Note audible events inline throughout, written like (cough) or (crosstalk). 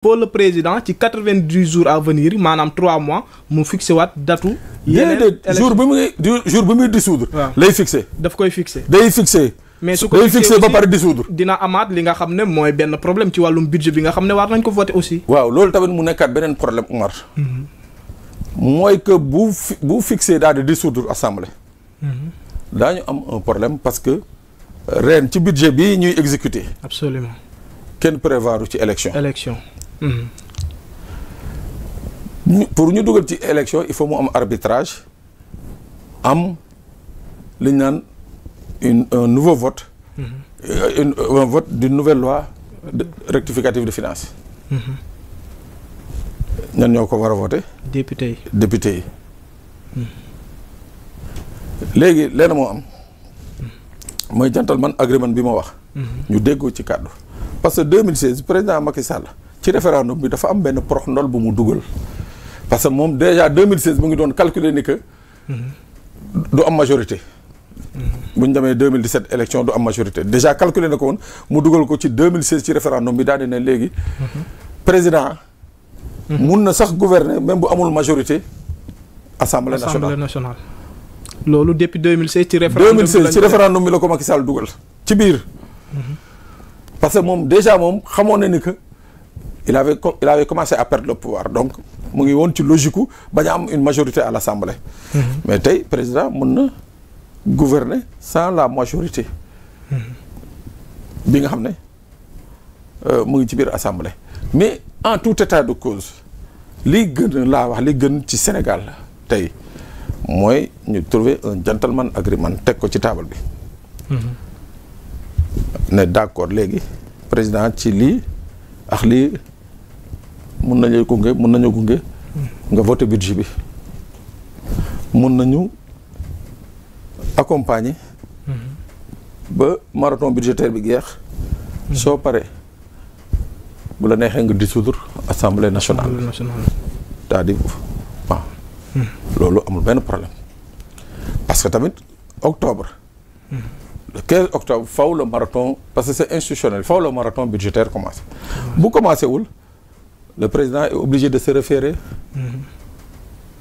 pour le président ci quatre-vingt-dix jours à venir maanaam trois mois mu fixé waat datu. yeneen jour bi muy jour bi muy dissoudre. lay fixé. daf koy fixé. day fixé. mais su ko day fixé ba pare dissoudre. dina amaat li nga xam ne mooy benn problème ci wàllum budget bi nga xam ne war nañ ko voter aussi. waaw loolu tamit mu nekkaat beneen problème Umar. Mhm. mooy que bu fi bu fixé daal di dissoudre assemblée. Mhm. daañu am un problème parce que euh, ren ci budget bi ñuy exécuter. absolument kenn prévoiru ci élection. élection. pour ñu dugal ci élection il faut mu am arbitrage am li ñu naan une un nouveau vote. Euh, une un vote d'une nouvelle loi rectificative de finance ñan ñoo ko war a vote député yi député yi. léegi lenn moo am mooy gentleman agreement bi ma wax. Mhm. ñu déggoo ci kàddu parce que 2016 président Macky Sall. ci référendum bi dafa am benn prox ndol bu mu dugal parce que moom déjà 2016 mu ngi doon calculer ni que. du majorité. bu ñu demee 2017 élection du am majorité déjà calculer na ko woon mu dugal ko ci 2016 ci référendum bi daal di ne léegi. président. mun na sax gouverner même bu amul majorité. assemblée nationale assemblée nationale. loolu depuis 2016 ci référendum bi 2016 ci référendum bi la ko Macky Sall dugal ci biir. Mhm. parce que moom déjà moom xamoon na ni que. il a il commencé à perdre le pouvoir donc mu ngi woon ci logique gu bañ a am une majorité à l'Assemblée. Mmh. mais tey président mën na gouverner sans la majorité. Mm-hmm. bi nga xam ne euh, mu ngi ci biir assemblée. mais en tout état de cause li gën laa wax li gën ci Sénégal tey mooy ñu trouver un gentleman agreement teg ko ci table bi. Mm-hmm. ne d'accord léegi président ci lii ak lii. mun nañu gunge mun nañu gunge nga voté budget bi mun nañu accompagner ba marathon budgétaire bi jeex soo paree bu la neexee nga dissoudre assemblée nationale cest loolu amul benn problème parce que tamit octobre le octobre faw la maraton parce que c'est institutionnel faw la marathon budgétaire commencé bu commencé wul le président est obligé de se référer. Mhm.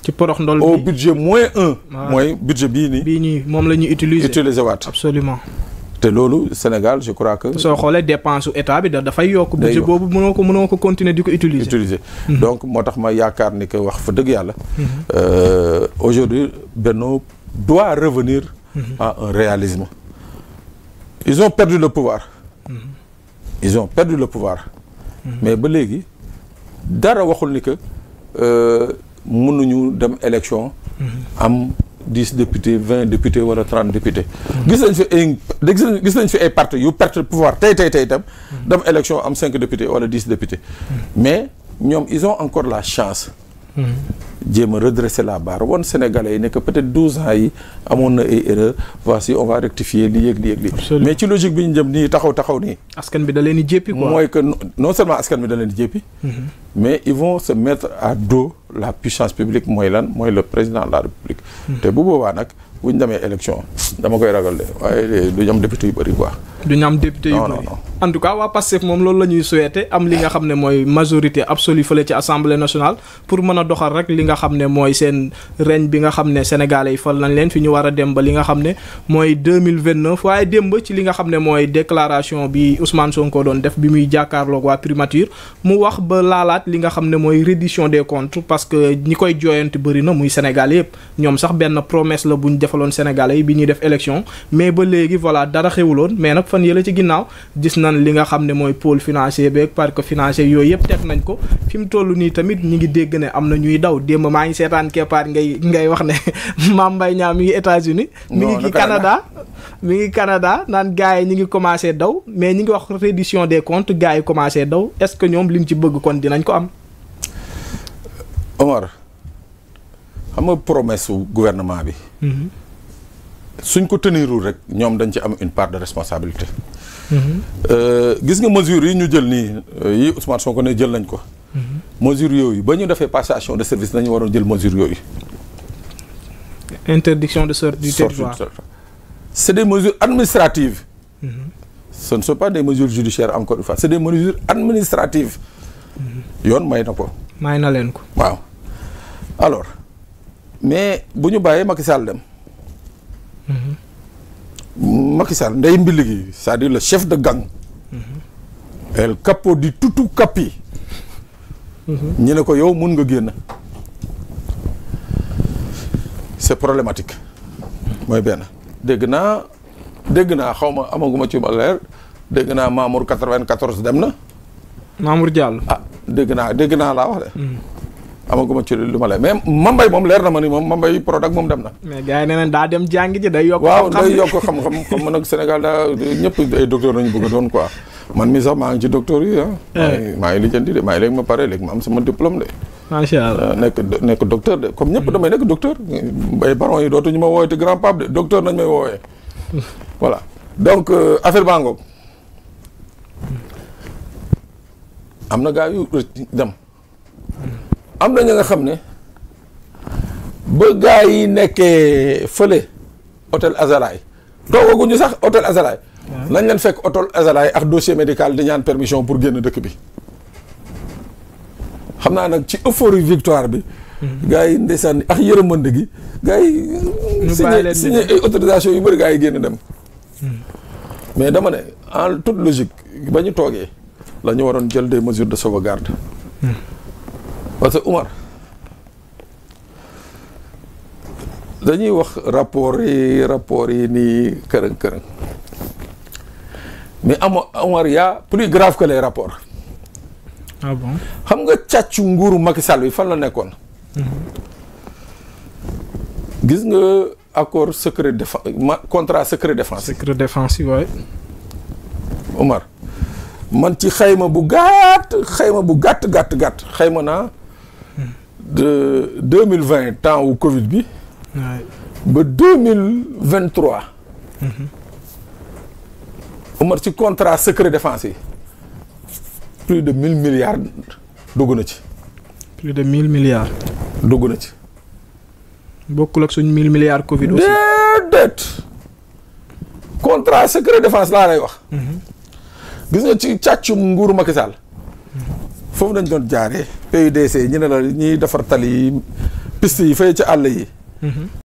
ci porox ndol bi budget moins un. mooy budget bii nii. bii moom la ñuy utiliser utiliser waat. absolument. te loolu Sénégal je crois que. soo xoolee dépense su état bi dafay yokk. budget boobu mënoo ko mënoo ko continuer di ko utiliser. utiliser mhm. donc moo tax ma yaakaar ni que wax fa dëgg yàlla. Mhm. Euh, aujourd'hui Benno doit revenir. à un réalisme. ils ont perdu le pouvoir. ils ont perdu le pouvoir. mais ba léegi. dara waxul ni que euh, mënuñu dem élection. Mhm. am dix députés vingt députés wala trente députés. gis nañ fi ay gis nañ fi ay parti yu perte pouvoir tey tey tey itam. Mhm. dem élection am cinq députés wala dix députés. Mhm. mais ñoom ils ont encore la chance. jéem a redresser la barre woon Sénégalais yi ne que peut ans yi amoon na ay erreur voici on va rectifier li yëg li yëg li mais ci logique bi ñu jëm nii taxaw taxaw nii. askan bi da leen di jéppi mooy que non seulement askan bi da leen di mhm. mais ils se mettre à dos la puissance publique mooy lan mooy le président la république. Mhm. te bu boobaa nag bu ñu demee élection dama koy ragal de waaye du ñu député yu bëri quoi. du ñu député yu bëri non waa Pastef a nga xam ne mooy seen reñ bi nga xam ne sénégalais yi fal nañ leen fi ñu war a dem ba li nga xam ne mooy deux mille vingt neuf waaye démb ci li nga xam ne mooy déclaration bi Ousmane Sonko doon def bi muy jàkkaarloog waa primature mu wax ba laalaat li nga xam ne mooy reddition des comptes parce que ñi koy jooyante bëri na muy sénégalais yëpp ñoom sax benn promesse la bu ñu defaloon sénégalais yi bi ñuy def élection mais ba léegi voilà dara xewuloon mais nag fan yële ci ginnaaw gis nañ li nga xam ne mooy pôle financier beeg parc financier yooyu yëpp teg nañ ko démb maa ngi seetaan keppaar ngay ngay wax ne (laughs) Mame Mbaye Niang mi ngi États-Unis mi ngi ci Canada mi ngi Canada naan gars yi ñu ngi commencé daw mais ñi ngi wax reddition des comptes gars yi commencé daw est-ce que ñoom liñ ci bëgg kon dinañ ko am Omar xam nga promesse u gouvernement bi mhm. suñ ko tenirul rek ñoom dañ ci am une part de responsabilité mhm. euh, gis nga mesures yi ñu jël nii euh, yi Ousmane Sonko ne jël nañ ko Mm-hmm. mesure yooyu ba ñu defee passation de service nañu waroon jël mesure yooyu. interdiction de sortie du territoire c'est des mesures administratives. Mm -hmm. ce ne sont pas des mesures judiciaires encore une fois c'est des mesures administratives. Mm-hmm. yoon may na ko. may na leen ko. waaw alors mais bu ñu bàyyee Macky Sall dem. Mm-hmm. Macky Sall ndey mbilli gi c'est-à-dire le chef de gang. Mm -hmm. el capo di tutu capi. ñu ne ko yow mun nga génn c'est problématique mooy benn dégg naa dégg naa xaw ma amaguma ci ma leer dégg naa Mamour 94 dem na. Mamour Diallo ah dégg naa dégg naa laa wax de. Hmm. amaguma ci lu ma lay mais Mambay moom leer na ma ni moom Mambay Prodac moom dem na. mais gars yi nañ daa dem jàngi ji day. yokk xam-xam waaw nag Sénégal daa ñëpp ay nañu bëgg doon quoi. man mi sax maa ngi ci docteur yi ah. eh. maa ngi maa ngi lijjanti de maa ngi léegi ma pare léegi ma am sama diplôme de. macha ah, nekk nekk docteur de comme ñëpp hmm. damay nekk docteur. ay baron yi dootuñu ma woowee te grand pape de docteur nañ may woowee. (laughs) voilà donc euh, affaire baa ngoog am na gaa yu dem. am na ña nga xam ne ba gaa yi nekkee fële hôtel Azalaï toogaguñu sax hôtel Azalaï nañ leen fekk otol azalaay ak dossier médical di ñaan permission pour génn dëkk bi xam naa nag ci euphorie victoire bi gars yi ndeysaan ak yërëmande gi gars yi signé signé autorisation yu bëri gars yi génn dem hmm. mais dama ne en toute logique ba ñu toogee lañu waroon jël des mesures de sauvegarde hmm. parce que Umar dañuy wax rapport yi rapport yi nii kërëng kërëng mais Omar y a plus grave que les rapports. Ah xam nga càccu nguuru Macky Sall bi fan la nekkoon. gis nga accord secret défense contrat secret défense. secret défense waay. Omar man ci xayma bu gàtt xayma bu gàtt gàtt gàtt xayma naa. de deux mille vingt temps wu Covid bi. ba deux mille vingt Omar ci contrat secret défense yi plus de mille milliards dugg na ci. plus de mille milliards. dugg na ci. bokkul ak suñ mille milliards Covid aussi. déedéet contrat secret défense laa lay wax. Mhm. gis nga ci càccum nguuru Macky Sall. foofu dañ doon jaaree. PUDC ñu ne la ñuy defar tali yi piste yi fay ci àll yi. Mhm.